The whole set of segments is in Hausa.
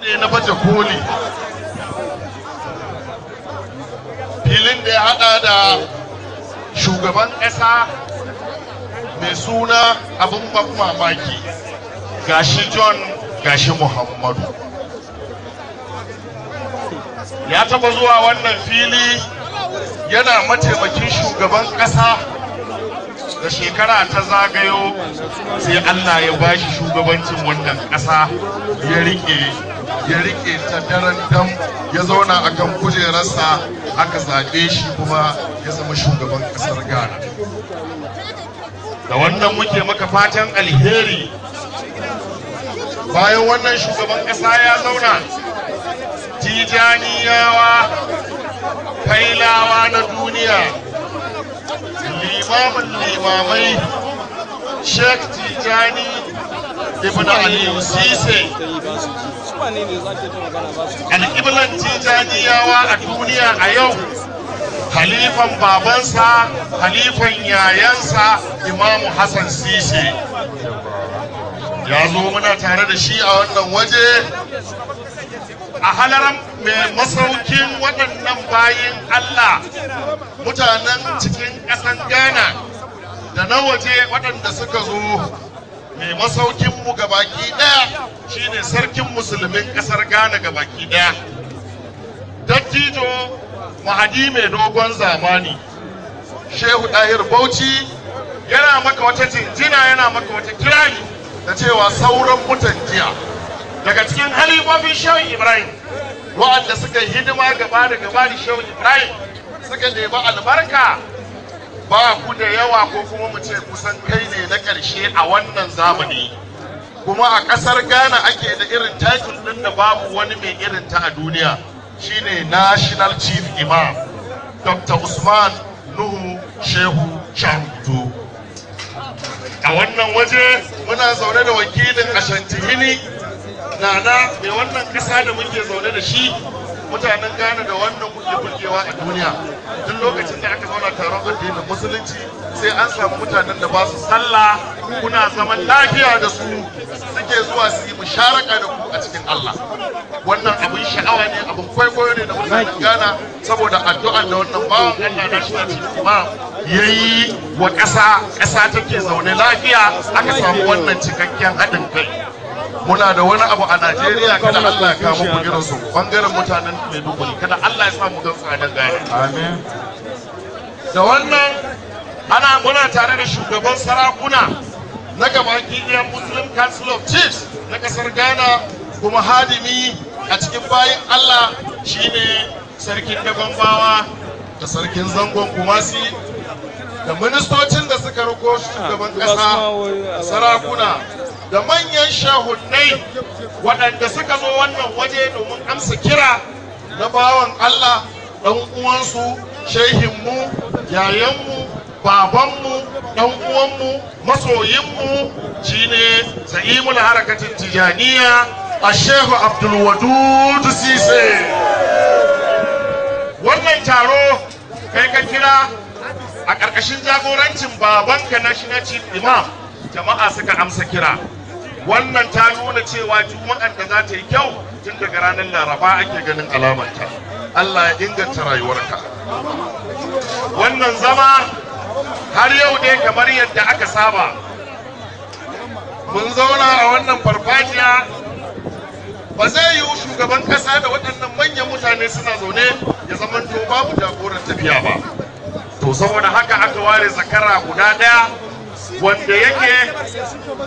ne na baje koli filin da ya hada da shugaban ƙasa mai suna abin mamaki gashi john gashi muhammadu ya taba zuwa wannan fili yana mataimakin shugaban ƙasa da shekara ta zagayo sai allah ya bashi shugabancin wannan ƙasa ya rike ya rike ta daren dam ya zauna a kan kujerarsa aka zaɓe shi kuma ya zama shugaban ƙasar ghana da wannan muke maka fatan alheri bayan wannan shugaban ƙasa ya zauna tijaniyawa kailawa na duniya limamin limamai sheikh tijani ibn aliyu sise tijaniyawa a duniya a yau halifan babansa halifan yayansa imamu hassan sise ya zo muna tare da shi a wannan waje a halaran mai masaukin waɗannan bayin allah mutanen cikin ƙasan ghana da na waje waɗanda suka zo mai masaukin masaukinmu gabaki ɗaya shine sarkin musulmin ƙasar ghana gabaki ɗaya dattijo mahadi mai dogon zamani shehu dahir bauchi yana maka wata jinjina yana maka wata kirari da cewa sauran mutan jiya daga cikin halifofin shehu ibrahim wa'anda suka hidima gaba da gaba da shehu ibrahim suka nemi albarka ba ku da yawa ko kuma mu ce kusan kai ne na ƙarshe a wannan zamani kuma a ƙasar ghana ake da irin title ɗin da babu wani mai irin ta a duniya shine national chief imam dr usman nuhu shehu sharutu a wannan waje muna zaune da wakilin ashantini nana mai wannan ƙasa da muke zaune da shi mutanen Ghana da wannan kuke burgewa a duniya duk lokacin da aka zauna taron addinin musulunci sai an samu mutanen da ba su sallah kuna zaman lafiya da su suke zuwa su yi musharaka da ku a cikin Allah wannan abin sha'awa ne abin kwaikwayo ne da mutanen Ghana saboda addu'a da wannan bawan Allah shi ya yayi wa ƙasa ƙasa take zaune lafiya aka samu wannan cikakken haɗin kai muna da wani abu a Najeriya kada Allah ya kawo mu gidan su bangaren mutanen Maiduguri kada Allah ya sa mu gan tsadan gaya amin da wannan ana muna tare da shugaban sarakuna na gaban kidiyar Muslim Council of Chiefs na kasar Ghana kuma hadimi a cikin bayin Allah shine sarkin dagon da sarkin zangon kumasi da ministocin da suka riko shugaban kasa sarakuna da manyan shahunnai, waɗanda suka zo wannan waje domin amsa kira na bawan Allah ɗan uwansu shehinmu yayanmu babanmu ɗan uwanmu masoyinmu ne sa'imul harakatin tijaniya a shehu abdulwadud sise wannan taro kai ka kira a ƙarƙashin jagorancin babanka na shi imam jama'a suka amsa kira wannan ta nuna cewa juma'an da za ta yi kyau tun daga ranar laraba ake ganin alamanta. Allah ya inganta rayuwarka wannan zama har yau dai kamar yadda aka saba mun zauna a wannan farfajiya ba zai yiwu shugaban kasa da waɗannan manyan mutane suna zaune ya zamanto babu jagoran tafiya ba to saboda haka aka ware zakara guda ɗaya wanda yake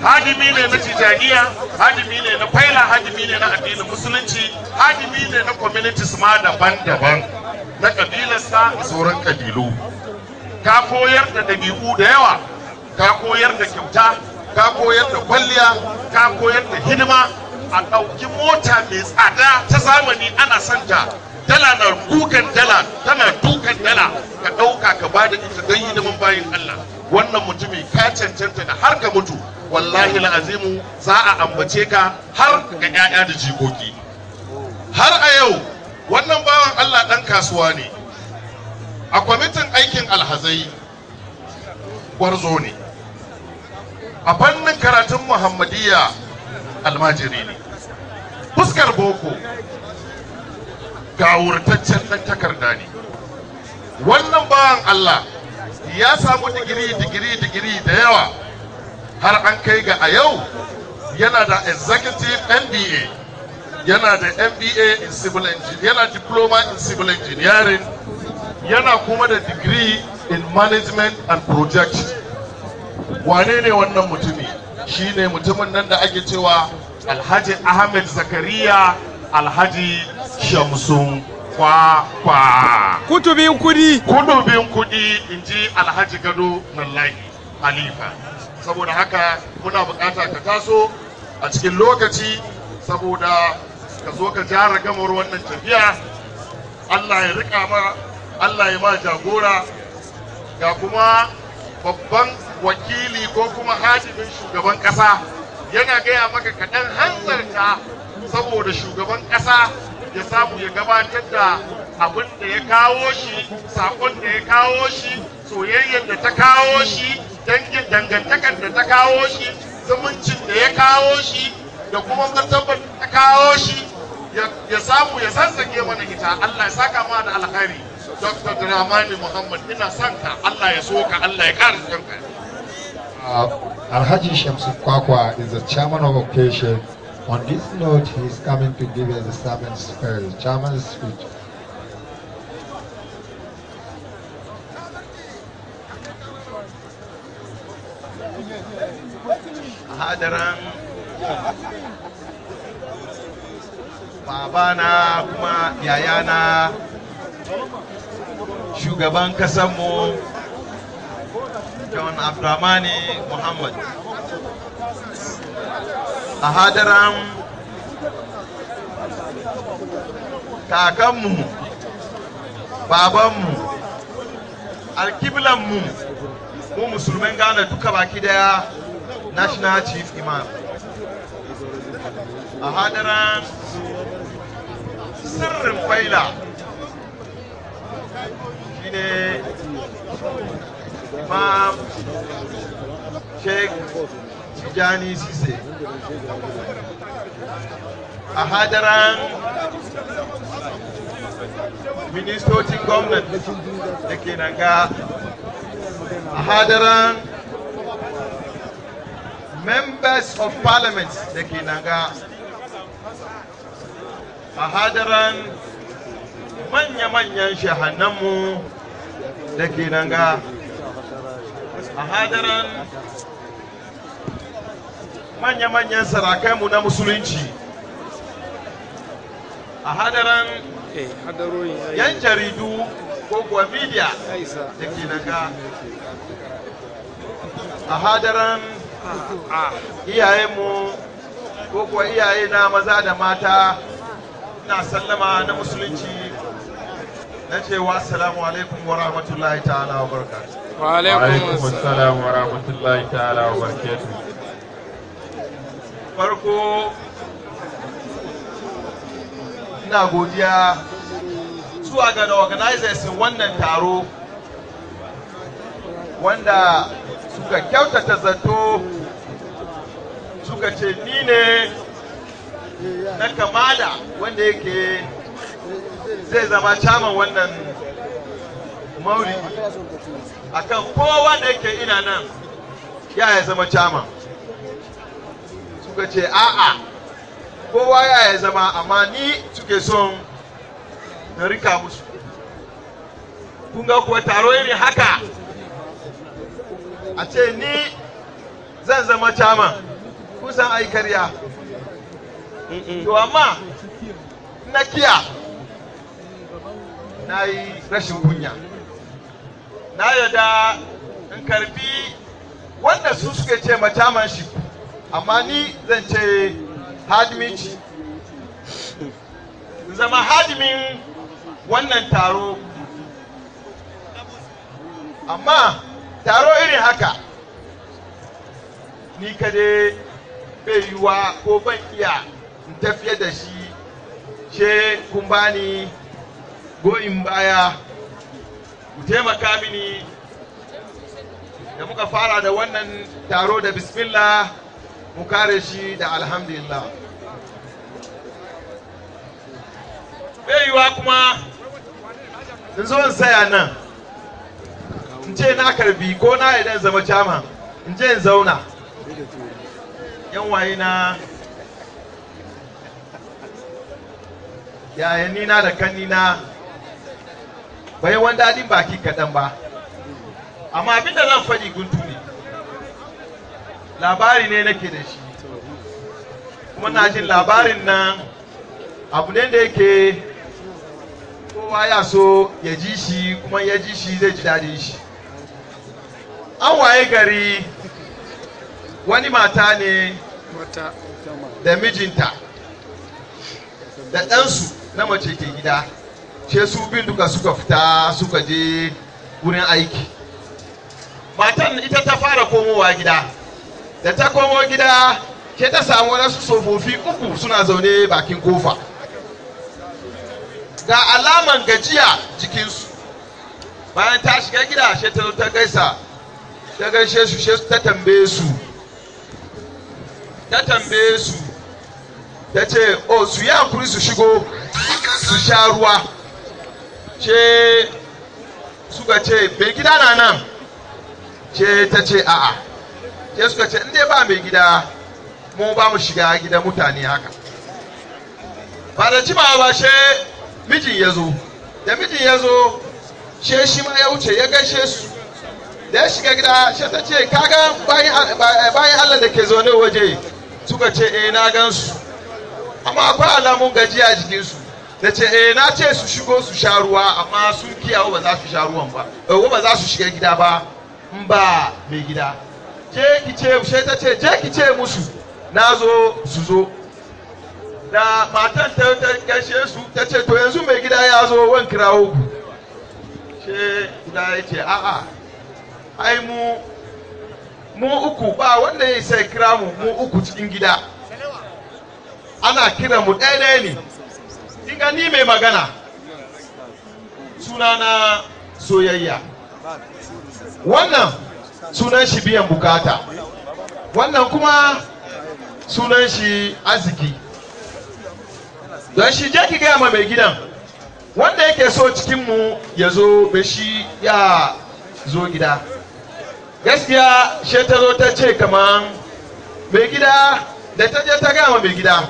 hadimi ne na tijaniya hadimi ne na faila hadimi ne na addinin musulunci hadimi ne na communities ma daban-daban na kabilarsa da sauran kabilu ta koyar da ɗabi'u da yawa ta koyar da kyauta ta koyar da kwalliya ta koyar da hidima a ɗauki mota mai tsada ta zamani ana santa dala na dukan dala tana dukan dala ka ɗauka ka bada ita don hidiman bayin Allah wannan mutumi ka cancanta da har ga mutu wallahi la'azimu za a ambace ka har ga 'ya'ya da jikoki har a yau wannan bawan allah ɗan kasuwa ne a kwamitin aikin alhazai gwarzo ne a fannin karatun muhammadiyya almajiri ne fuskar boko ga wurtaccen ɗan takarda ne wannan bawan allah ya samu digiri digiri digiri da yawa har an kai ga a yau yana da executive MBA yana da MBA in civil engineering yana diploma in civil engineering yana kuma da degree in management and project wane ne wannan mutumi shine mutumin nan da ake cewa alhaji ahmed zakariya alhaji shamsun Kwa kwa. kwakwa. Kutubin kudi. Kutubin kudi in ji Alhaji Gado Nallai Halifa. Saboda haka muna bukata ka taso a cikin lokaci saboda ka zo ka jara gamar wannan tafiya. Allah ya rika ma Allah ya ma jagora ga kuma babban wakili ko kuma hadimin shugaban kasa yana gaya maka kaɗan hanzarta saboda shugaban kasa ya samu ya gabatar da abin da ya kawo shi sakon da ya kawo shi soyayyar da ta kawo shi dangin dangantakar da ta kawo shi zumuncin da ya kawo shi da kuma martabar da ta kawo shi ya samu ya sassake mana ita Allah ya saka ma da alkhairi Dr. Dramani Muhammad ina son ka Allah ya so ka Allah ya kare kanka uh, Alhaji Shamsu Kwakwa is the chairman of occasion On this note, he is coming to give us a seventh prayer, chairman's speech. hadaran babana kuma yayana shugaban kasanmu john abdulhamani muhammad a hadaran kakanmu babanmu alkiblanmu mu musulman gane duka baki daya national chief imam a hadaran sirrin faila shine imam sheikh tijani sise a hadaran ministocin gwamnati da ke nan ga a hadaran members of parliament da ke nan ga a hadaran manya-manyan shahannanmu da ke nan ga a hadaran manya-manyan sarakai mu na musulunci a hadaran eh, eh. yan jaridu ko kuwa media da ke daga a hadaran ah. iyayenmu ko kuwa iyaye na maza da mata na sallama na musulunci na cewa assalamu alaikum wa rahmatullahi ta'ala wa barakatuh wa alaikum assalam wa rahmatullahi ta'ala wa barakatuh farko ina godiya zuwa ga da organizers wannan taro wanda suka kyautata zato suka ce ni ne na kamada wanda yake zai zama caman wannan mauri akan kowa da yake ina nan ya zama caman suka ce a'a kowa ya ya zama amma ni suke son na rika musu kun kuwa taro irin haka a ce ni zan zama caman kusan ai karya to amma na kiya na yi rashin kunya na yada in karbi wanda su suke ce ma caman shi amma ni zan ce hadimici zama hadimin wannan taro amma taro irin haka ni kade bai yiwa ko ban iya in tafiye da shi ce kun bani goyin baya ku taimaka mini da muka fara da wannan taro da bismillah mu kare shi da alhamdulillah baiwa kuma in zo in saya nan in ce na karbi ko na idan zama cama in je in zauna yan waye na yayan nina da kan nina bai wani daɗin baki kaɗan ba amma abinda zan faɗi guntu labari ne nake da shi kuma na jin labarin nan abu ne da yake kowa ya so ya ji shi kuma ya ji shi zai ji daɗin shi an waye gari wani mata ne da mijinta da ɗansu na mace ke gida ce su bin duka suka fita suka je wurin aiki matan ita ta fara komowa gida da ta komo gida ke ta samu wasu tsofaffi uku suna zaune bakin kofa ga alaman gajiya jikinsu bayan ta shiga gida she ta ta gaisa ta gaishe su she ta tambaye su ta tambaye su ta ce o oh, su yi hankuri su shigo su sha ruwa ce suka ce bai gida na nan ce ta ce a'a sai suka ce inda ba mai gida mu ba mu shiga gidan mutane haka ba da jimawa ba she mijin ya zo da mijin ya zo she shi ma ya wuce ya gaishe su da ya shiga gida she ta ce kaga bayan allah da ke zaune waje suka ce eh na gan su amma akwai alamun gajiya jikinsu da ce eh na ce su shigo su sha ruwa amma sun kiyawa ba za su sha ruwan ba eh, ba za su shiga gida ba in ba mai gida je ki ce sai ta ce je ki ce musu na zo su zo da matan ta gashe su ta ce to yanzu mai gida ya zo wan kirawo ku she guda ya ce a'a ai mu mu uku ba wanda ya sai kira mu mu uku cikin gida ana kira mu ɗaya ɗaya ne kinga ni mai magana sunana soyayya wannan sunan shi biyan bukata wannan kuma sunan shi arziki don shi je ki gaya ma mai gidan wanda yake so cikinmu ya zo be shi ya zo gida gaskiya she ta zo ta ce kaman mai gida da ta je ta gaya ma mai gida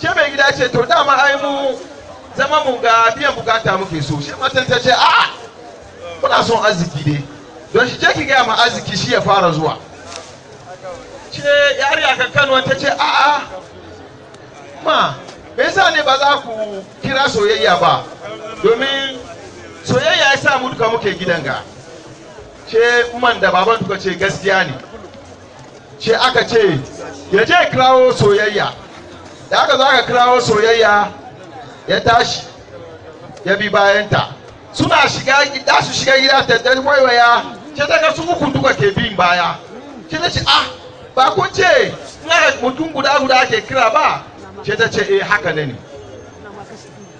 ce mai gida ce to dama ai mu zama mu ga biyan bukata muke so shi matan ta ce a'a muna son arziki dai don shi je ki gaya ma arziki shi ya fara zuwa ce yariya ka kano ta ce a'a ma me yasa ne ba za ku kira soyayya ba domin soyayya ya sa mu duka muke gidan ga ce man da baban tuka ce gaskiya ne ce aka ce ya je kirawo soyayya da aka za ka kirawo soyayya ya tashi ya bi bayanta suna shiga gida su shiga gida ta waiwaya sai ta ga su uku duka ke bin baya sai ta ce ah ba kun ce mutum guda guda ke kira ba sai ta ce eh haka ne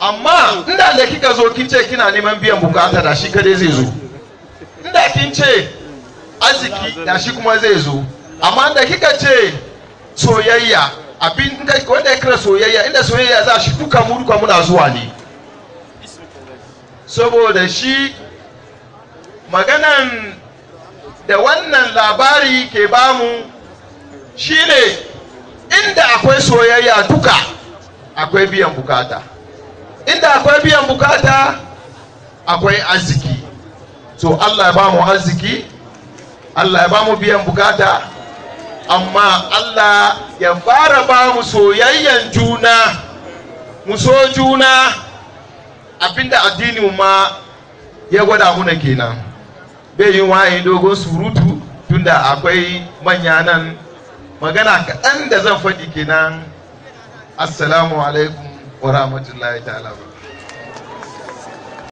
amma inda da kika zo kin ce kina neman biyan bukata da shi kadai zai zo inda kin ce arziki da shi kuma zai zo amma da kika ce soyayya abin wanda ya kira soyayya inda soyayya za shi duka mu duka muna zuwa ne saboda shi maganan da wannan labari ke bamu shine inda akwai soyayya duka akwai biyan bukata inda akwai biyan bukata akwai arziki so allah ya bamu arziki allah ya bamu biyan bukata amma allah ya fara bamu soyayyan juna mu so juna abinda addinin ma ya gwada muna kenan bai yi waye dogon surutu tunda akwai manya nan magana kaɗan da zan faɗi kenan assalamu alaikum wa rahmatullahi ta'ala